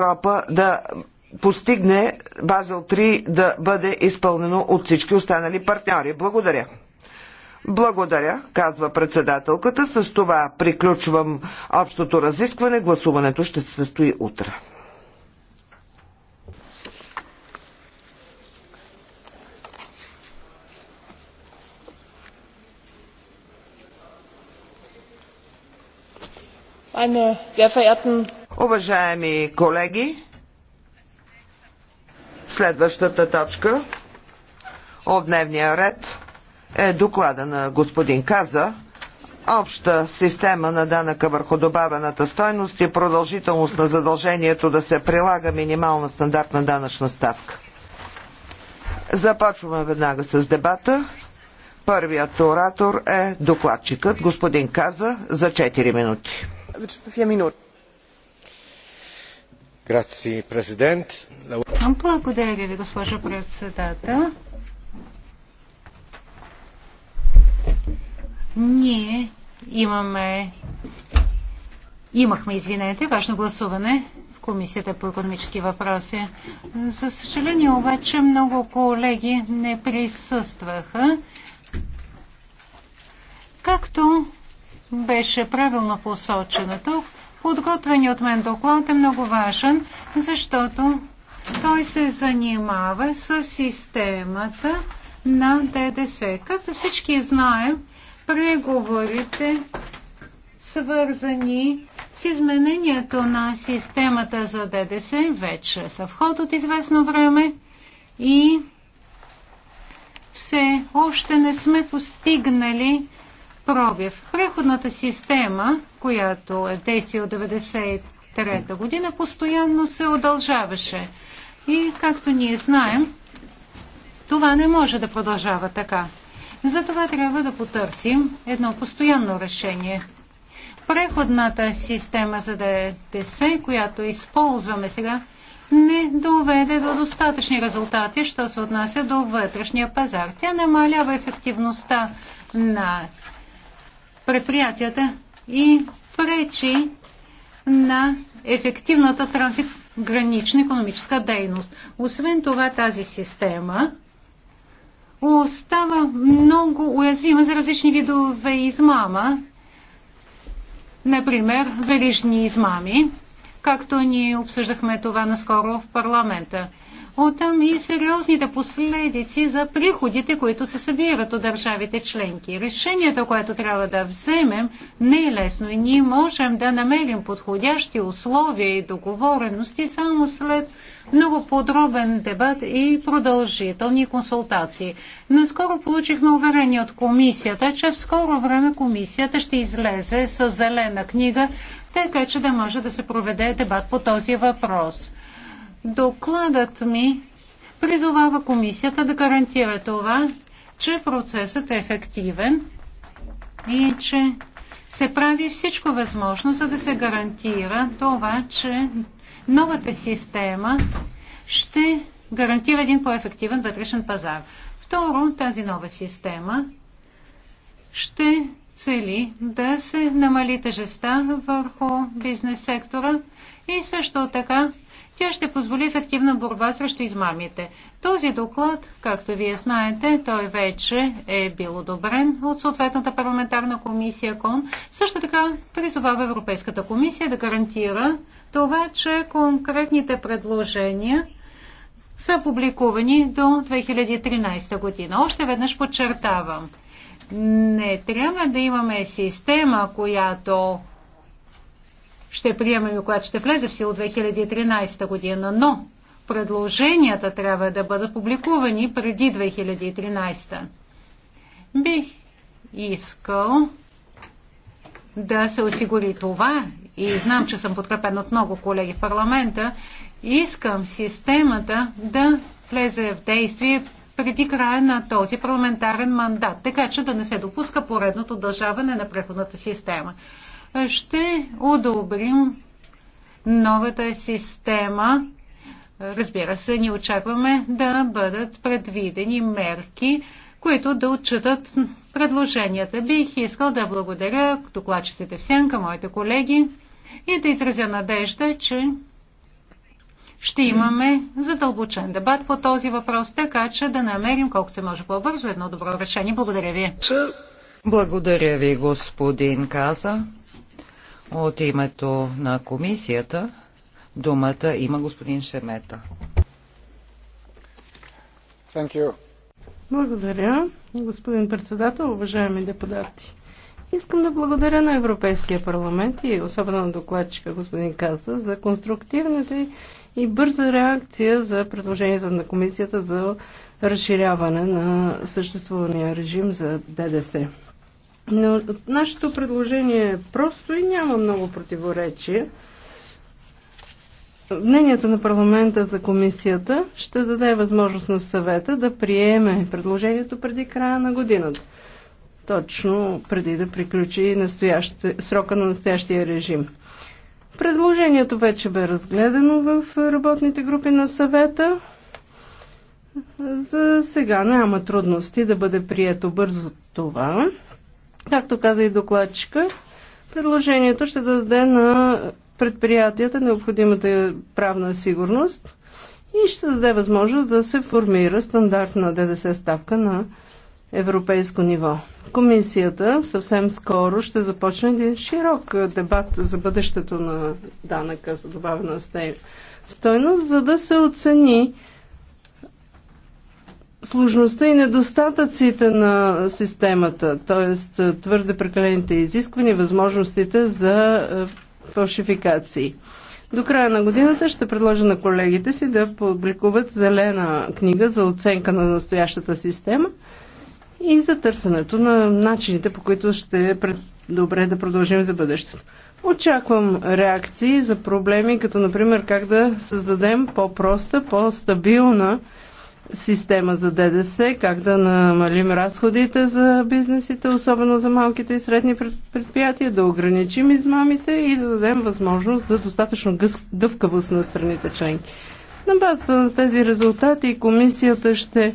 Европа да постигне Базел 3 да бъде изпълнено от всички останали партньори. Благодаря. Благодаря, казва председателката. С това приключвам общото разискване. Гласуването ще се състои утре. Meine sehr verehrten Уважаеми колеги, следващата точка от дневния ред е доклада на господин Каза Обща система на данъка върху добавената стойност и продължителност на задължението да се прилага минимална стандартна данъчна ставка. Започваме веднага с дебата. Първият оратор е докладчикът, господин Каза, за 4 минути. 4 минути. Благодаря ви, госпожо председател. Ние имаме имахме, извинете, важно гласуване в Комисията по економически въпроси. За съжаление обаче много колеги не присъстваха. Както беше правилно посочено тук, Подготвени от мен доклад е много важен, защото той се занимава с системата на ДДС. Както всички знаем, преговорите свързани с изменението на системата за ДДС вече са в ход от известно време и все още не сме постигнали пробив. Преходната система, която е в действие от 1993 година, постоянно се удължаваше. И, както ние знаем, това не може да продължава така. Затова трябва да потърсим едно постоянно решение. Преходната система за ДТС, която използваме сега, не доведе до достатъчни резултати, що се отнася до вътрешния пазар. Тя намалява ефективността на предприятията и пречи на ефективната трансгранична економическа дейност. Освен това, тази система остава много уязвима за различни видове измама, например, верижни измами, както ние обсъждахме това наскоро в парламента оттам и сериозните последици за приходите, които се събират от държавите членки. Решението, което трябва да вземем, не е лесно и ние можем да намерим подходящи условия и договорености само след много подробен дебат и продължителни консултации. Наскоро получихме уверение от комисията, че в скоро време комисията ще излезе с зелена книга, така че да може да се проведе дебат по този въпрос. Докладът ми призовава комисията да гарантира това, че процесът е ефективен и че се прави всичко възможно, за да се гарантира това, че новата система ще гарантира един по-ефективен вътрешен пазар. Второ, тази нова система ще цели да се намали тежеста върху бизнес сектора и също така тя ще позволи ефективна борба срещу измамите. Този доклад, както вие знаете, той вече е бил одобрен от съответната парламентарна комисия КОН. Също така призовава Европейската комисия да гарантира това, че конкретните предложения са публикувани до 2013 година. Още веднъж подчертавам. Не трябва да имаме система, която ще приемем и която ще влезе в сила 2013 година, но предложенията трябва да бъдат публикувани преди 2013. Бих искал да се осигури това и знам, че съм подкрепен от много колеги в парламента. Искам системата да влезе в действие преди края на този парламентарен мандат, така че да не се допуска поредното държаване на преходната система ще одобрим новата система. Разбира се, ни очакваме да бъдат предвидени мерки, които да отчитат предложенията. Бих искал да благодаря докладчиците в сянка, моите колеги и да изразя надежда, че ще имаме задълбочен дебат по този въпрос, така че да намерим колкото се може по-бързо едно добро решение. Благодаря ви. Благодаря ви, господин Каза. От името на комисията думата има господин Шемета. Благодаря, господин председател, уважаеми депутати. Искам да благодаря на Европейския парламент и особено на докладчика господин Каса за конструктивната и бърза реакция за предложението на комисията за разширяване на съществувания режим за ДДС. Но нашето предложение е просто и няма много противоречие. Мнението на парламента за комисията ще даде възможност на съвета да приеме предложението преди края на годината. Точно преди да приключи срока на настоящия режим. Предложението вече бе разгледано в работните групи на съвета. За сега няма трудности да бъде прието бързо това. Както каза и докладчика, предложението ще даде на предприятията необходимата правна сигурност и ще даде възможност да се формира стандартна ДДС ставка на европейско ниво. Комисията съвсем скоро ще започне един широк дебат за бъдещето на данъка за добавена стойност, за да се оцени сложността и недостатъците на системата, т.е. твърде прекалените изисквания, възможностите за е, фалшификации. До края на годината ще предложа на колегите си да публикуват зелена книга за оценка на настоящата система и за търсенето на начините, по които ще е добре да продължим за бъдещето. Очаквам реакции за проблеми, като например как да създадем по-проста, по-стабилна система за ДДС, как да намалим разходите за бизнесите, особено за малките и средни предприятия, да ограничим измамите и да дадем възможност за достатъчно гъвкавост на страните членки. На базата на тези резултати комисията ще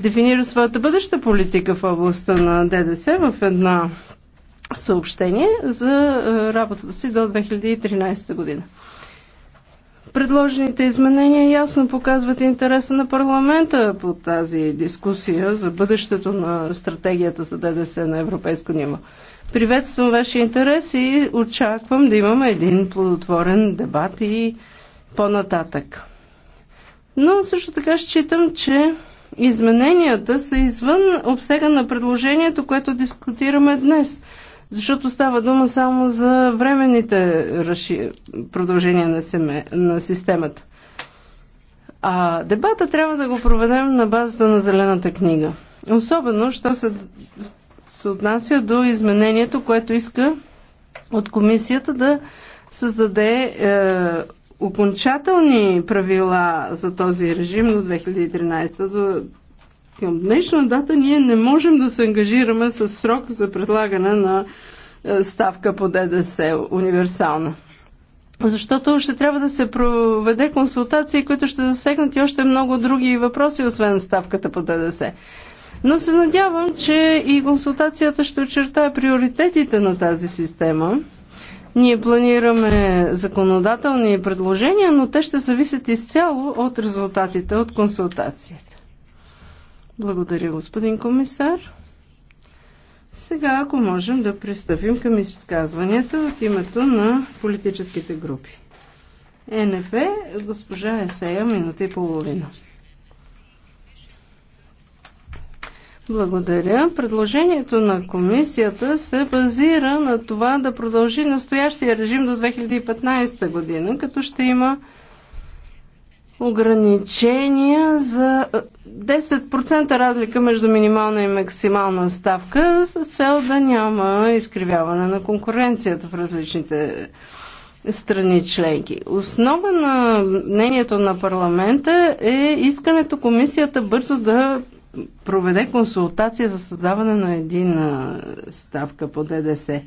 дефинира своята бъдеща политика в областта на ДДС в една съобщение за е, работата си до 2013 година. Предложените изменения ясно показват интереса на парламента по тази дискусия за бъдещето на стратегията за ДДС на европейско ниво. Приветствам вашия интерес и очаквам да имаме един плодотворен дебат и по-нататък. Но също така считам, че измененията са извън обсега на предложението, което дискутираме днес – защото става дума само за временните продължения на, семе, на системата. А дебата трябва да го проведем на базата на Зелената книга. Особено, що се, се отнася до изменението, което иска от комисията да създаде е, окончателни правила за този режим до 2013 до към днешна дата ние не можем да се ангажираме с срок за предлагане на е, ставка по ДДС универсална. Защото ще трябва да се проведе консултации, които ще засегнат и още много други въпроси, освен ставката по ДДС. Но се надявам, че и консултацията ще очертая приоритетите на тази система. Ние планираме законодателни предложения, но те ще зависят изцяло от резултатите от консултацията. Благодаря, господин комисар. Сега, ако можем да пристъпим към изказванията от името на политическите групи. Е НФ, госпожа Есея, минута и половина. Благодаря. Предложението на комисията се базира на това да продължи настоящия режим до 2015 година, като ще има ограничения за 10% разлика между минимална и максимална ставка с цел да няма изкривяване на конкуренцията в различните страни членки. Основа на мнението на парламента е искането комисията бързо да проведе консултация за създаване на един ставка по ДДС.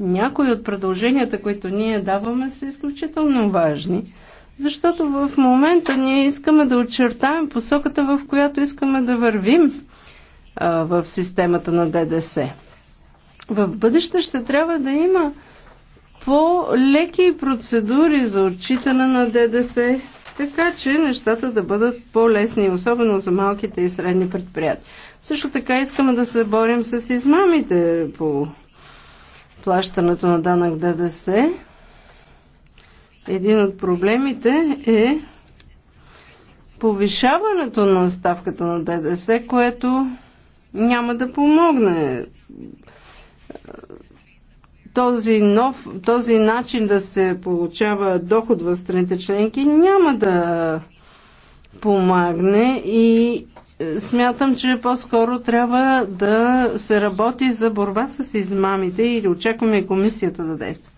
Някои от предложенията, които ние даваме, са изключително важни защото в момента ние искаме да очертаем посоката, в която искаме да вървим а, в системата на ДДС. В бъдеще ще трябва да има по-леки процедури за отчитане на ДДС, така че нещата да бъдат по-лесни, особено за малките и средни предприятия. Също така искаме да се борим с измамите по плащането на данък ДДС. Един от проблемите е повишаването на ставката на ДДС, което няма да помогне. Този, нов, този начин да се получава доход в страните членки няма да помагне и е, смятам, че по-скоро трябва да се работи за борба с измамите или очакваме комисията да действа.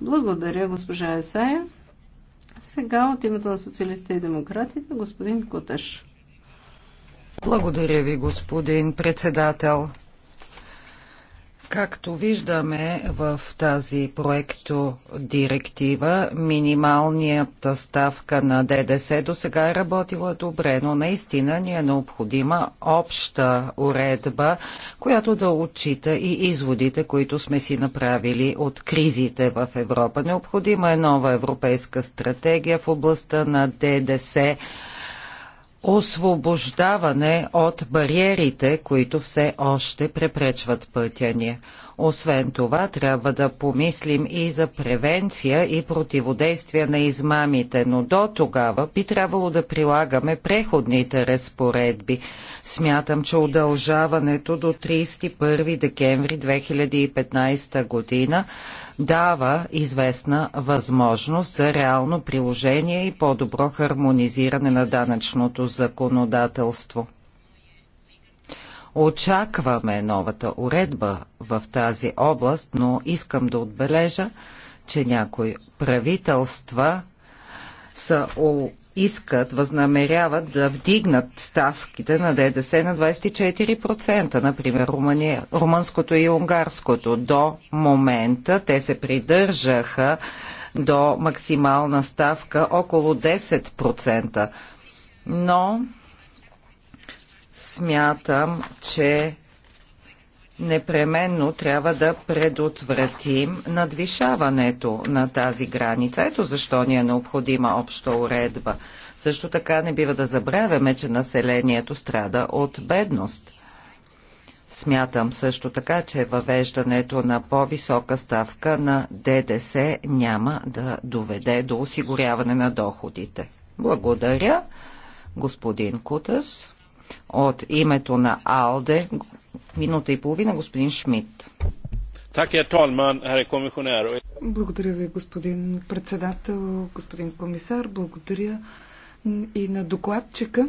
Благодаря, госпожа Есая. Сега от името на социалистите и демократите, господин Куташ. Благодаря ви, господин председател. Както виждаме в тази проекто директива, минималният ставка на ДДС до сега е работила добре, но наистина ни е необходима обща уредба, която да отчита и изводите, които сме си направили от кризите в Европа. Необходима е нова европейска стратегия в областта на ДДС освобождаване от бариерите, които все още препречват пътя ни. Освен това, трябва да помислим и за превенция и противодействие на измамите, но до тогава би трябвало да прилагаме преходните разпоредби. Смятам, че удължаването до 31 декември 2015 година дава известна възможност за реално приложение и по-добро хармонизиране на данъчното законодателство. Очакваме новата уредба в тази област, но искам да отбележа, че някои правителства са искат, възнамеряват да вдигнат ставките на ДДС на 24%, например Румъния, румънското и унгарското. До момента те се придържаха до максимална ставка около 10%. Но смятам, че непременно трябва да предотвратим надвишаването на тази граница. Ето защо ни е необходима обща уредба. Също така не бива да забравяме, че населението страда от бедност. Смятам също така, че въвеждането на по-висока ставка на ДДС няма да доведе до осигуряване на доходите. Благодаря, господин Кутас. От името на АЛДЕ, минута и половина, господин Шмидт. Е, Благодаря ви, господин председател, господин комисар. Благодаря и на докладчика.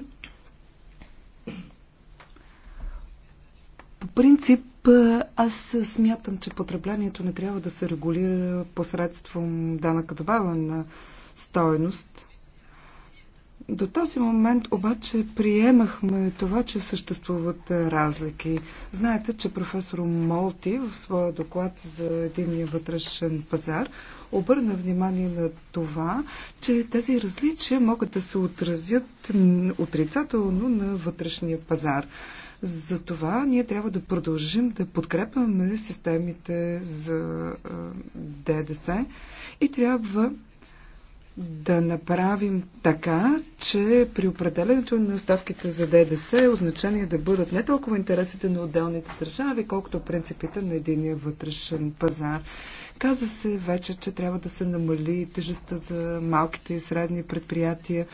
По принцип, аз смятам, че потреблението не трябва да се регулира посредством данъка добавена стоеност. До този момент обаче приемахме това, че съществуват разлики. Знаете, че професор Молти в своя доклад за единния вътрешен пазар обърна внимание на това, че тези различия могат да се отразят отрицателно на вътрешния пазар. Затова ние трябва да продължим да подкрепяме системите за ДДС и трябва да направим така, че при определенето на ставките за ДДС е означение да бъдат не толкова интересите на отделните държави, колкото принципите на единия вътрешен пазар. Каза се вече, че трябва да се намали тежестта за малките и средни предприятия.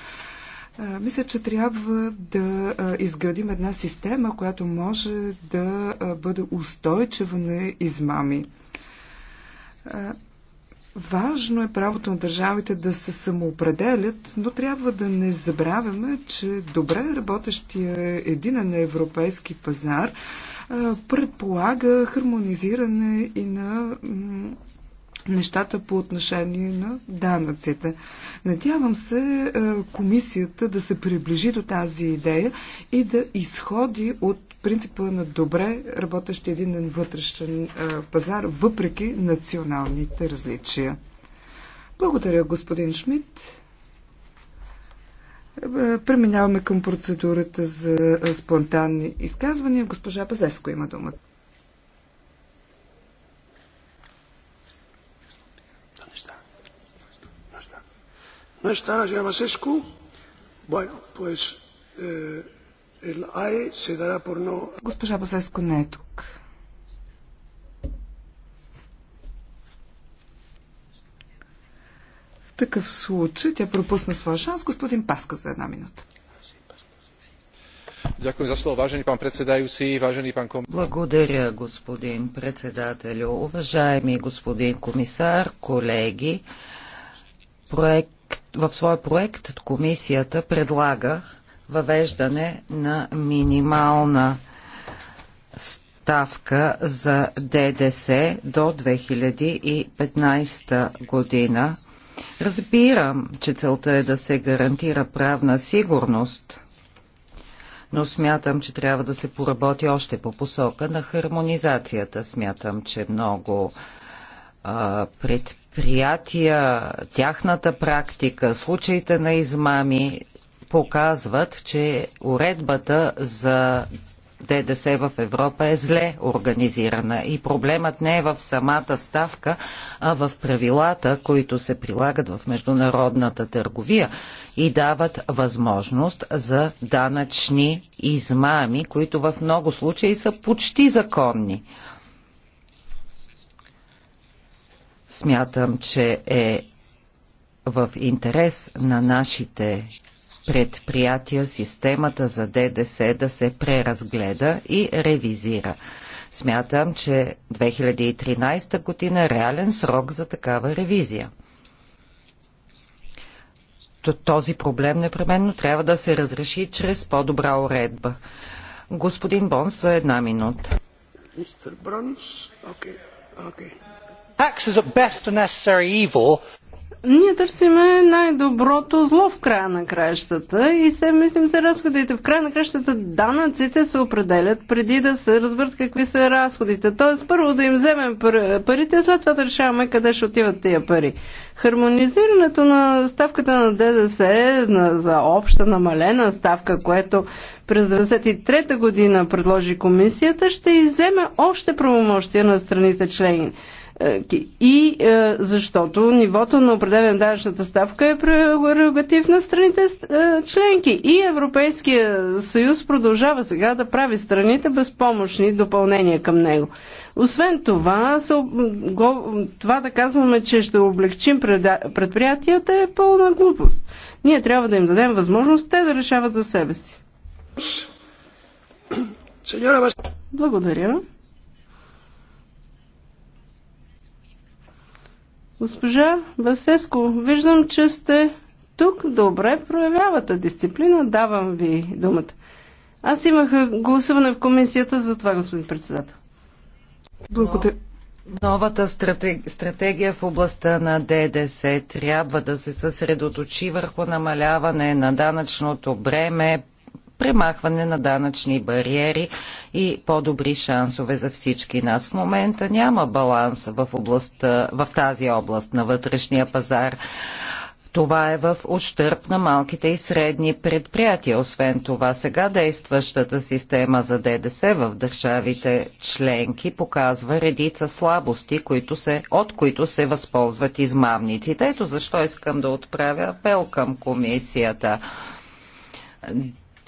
Мисля, че трябва да изградим една система, която може да бъде устойчива на измами. Важно е правото на държавите да се самоопределят, но трябва да не забравяме, че добре работещия единен европейски пазар предполага хармонизиране и на нещата по отношение на данъците. Надявам се комисията да се приближи до тази идея и да изходи от принципа на добре работещ един вътрешен пазар, въпреки националните различия. Благодаря, господин Шмидт. Преминаваме към процедурата за спонтанни изказвания. Госпожа Базеско има думата. No está la señora Basescu. Bueno, pues eh, Госпожа Бозеско не е тук. В такъв случай тя пропусна своя шанс. Господин Паска за една минута. Благодаря, господин председателю. Уважаеми господин комисар, колеги, проект, в своя проект комисията предлага въвеждане на минимална ставка за ДДС до 2015 година. Разбирам, че целта е да се гарантира правна сигурност, но смятам, че трябва да се поработи още по посока на хармонизацията. Смятам, че много а, предприятия, тяхната практика, случаите на измами показват, че уредбата за ДДС в Европа е зле организирана и проблемът не е в самата ставка, а в правилата, които се прилагат в международната търговия и дават възможност за данъчни измами, които в много случаи са почти законни. Смятам, че е в интерес на нашите предприятия системата за ДДС да се преразгледа и ревизира. Смятам, че 2013 година е реален срок за такава ревизия. Този проблем непременно трябва да се разреши чрез по-добра уредба. Господин Бонс за една минута. Okay. Okay. Ние търсиме най-доброто зло в края на краищата и се мислим за разходите. В края на кращата данъците се определят преди да се разберат какви са разходите. Тоест първо да им вземем парите, след това да решаваме къде ще отиват тия пари. Хармонизирането на ставката на ДДС на, за обща намалена ставка, което през 1993 година предложи комисията, ще изземе още правомощия на страните члени. Е, и е, защото нивото на определен данъчната ставка е прерогатив на страните е, членки. И Европейския съюз продължава сега да прави страните безпомощни допълнения към него. Освен това, това да казваме, че ще облегчим предприятията е пълна глупост. Ние трябва да им дадем възможност те да решават за себе си. Благодаря. Госпожа Васеско, виждам, че сте тук. Добре проявявате дисциплина. Давам ви думата. Аз имах гласуване в комисията за това, господин председател. Благодаря. Новата стратегия в областта на ДДС трябва да се съсредоточи върху намаляване на данъчното бреме, премахване на данъчни бариери и по-добри шансове за всички нас. В момента няма баланс в, областта, в тази област на вътрешния пазар. Това е в ущърп на малките и средни предприятия. Освен това, сега действащата система за ДДС в държавите членки показва редица слабости, които се, от които се възползват измамниците. Ето защо искам да отправя апел към комисията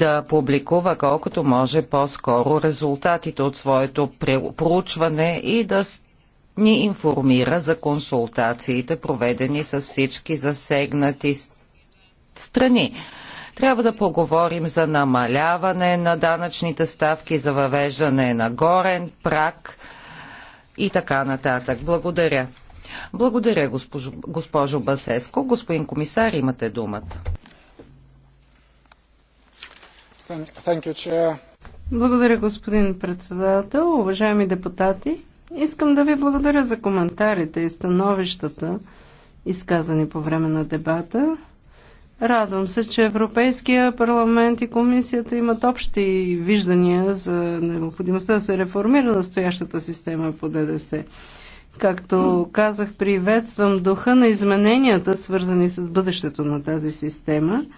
да публикува колкото може по-скоро резултатите от своето проучване и да ни информира за консултациите, проведени с всички засегнати страни. Трябва да поговорим за намаляване на данъчните ставки, за въвеждане на горен прак и така нататък. Благодаря. Благодаря, госпожо, Басеско. Господин комисар, имате думата. Благодаря, господин председател. Уважаеми депутати, искам да ви благодаря за коментарите и становищата, изказани по време на дебата. Радвам се, че Европейския парламент и комисията имат общи виждания за необходимостта да се реформира настоящата система по ДДС. Както казах, приветствам духа на измененията, свързани с бъдещето на тази система –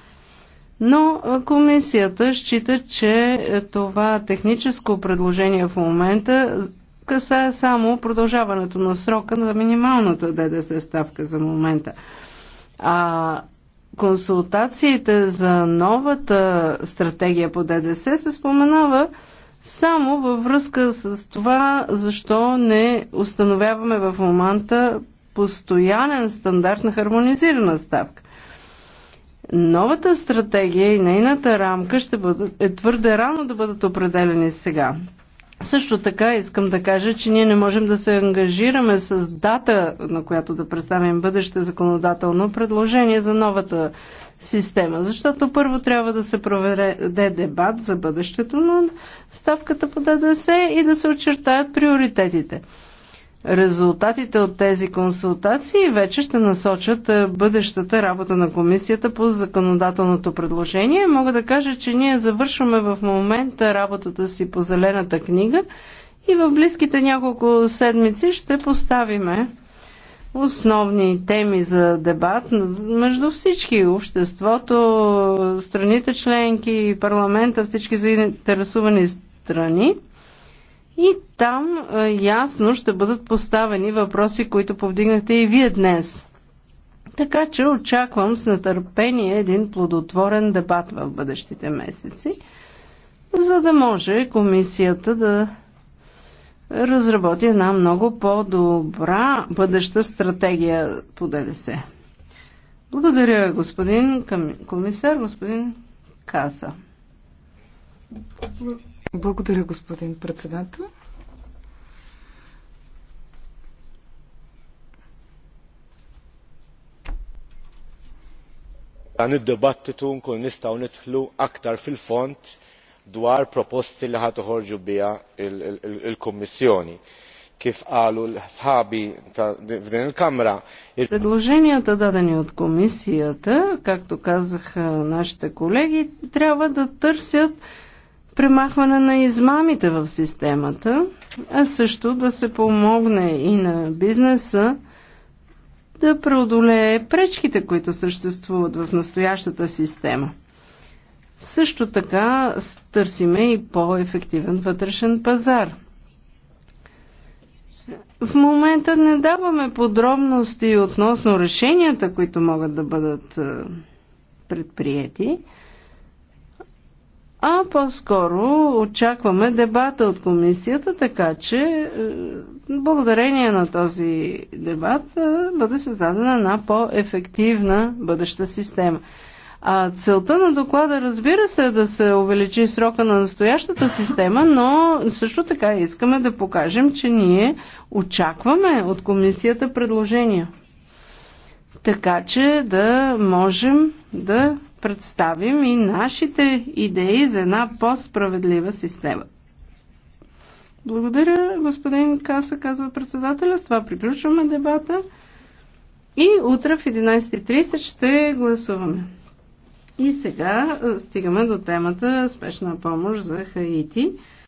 но комисията счита, че е, това техническо предложение в момента касае само продължаването на срока на минималната ДДС ставка за момента. А консултациите за новата стратегия по ДДС се споменава само във връзка с това, защо не установяваме в момента постоянен стандарт на хармонизирана ставка. Новата стратегия и нейната рамка ще бъдат, е твърде рано да бъдат определени сега. Също така искам да кажа, че ние не можем да се ангажираме с дата, на която да представим бъдеще законодателно предложение за новата система, защото първо трябва да се проведе дебат за бъдещето, но ставката по ДДС и да се очертаят приоритетите. Резултатите от тези консултации вече ще насочат е, бъдещата работа на комисията по законодателното предложение. Мога да кажа, че ние завършваме в момента работата си по зелената книга и в близките няколко седмици ще поставиме основни теми за дебат между всички обществото, страните членки, парламента, всички заинтересувани страни. И там е, ясно ще бъдат поставени въпроси, които повдигнахте и вие днес. Така че очаквам с нетърпение един плодотворен дебат в бъдещите месеци, за да може комисията да разработи една много по-добра бъдеща стратегия по ДДС. Благодаря, господин комисар, господин Каса. Благодаря, господин председател. dan id-dibattitu nkunu nistgħu nidħlu aktar fil font dwar proposti li ħad uħorġu biha il kummissjoni Kif qalu sħabi f'din il-Kamra. dadani od от kak tu kazah нашите kolegi, treba da търсят премахване на измамите в системата, а също да се помогне и на бизнеса да преодолее пречките, които съществуват в настоящата система. Също така търсиме и по-ефективен вътрешен пазар. В момента не даваме подробности относно решенията, които могат да бъдат е, предприяти а по-скоро очакваме дебата от комисията, така че е, благодарение на този дебат е, бъде създадена една по-ефективна бъдеща система. А целта на доклада, разбира се, е да се увеличи срока на настоящата система, но също така искаме да покажем, че ние очакваме от комисията предложения. Така че да можем да представим и нашите идеи за една по-справедлива система. Благодаря, господин Каса, казва председателя. С това приключваме дебата. И утре в 11.30 ще гласуваме. И сега стигаме до темата спешна помощ за Хаити.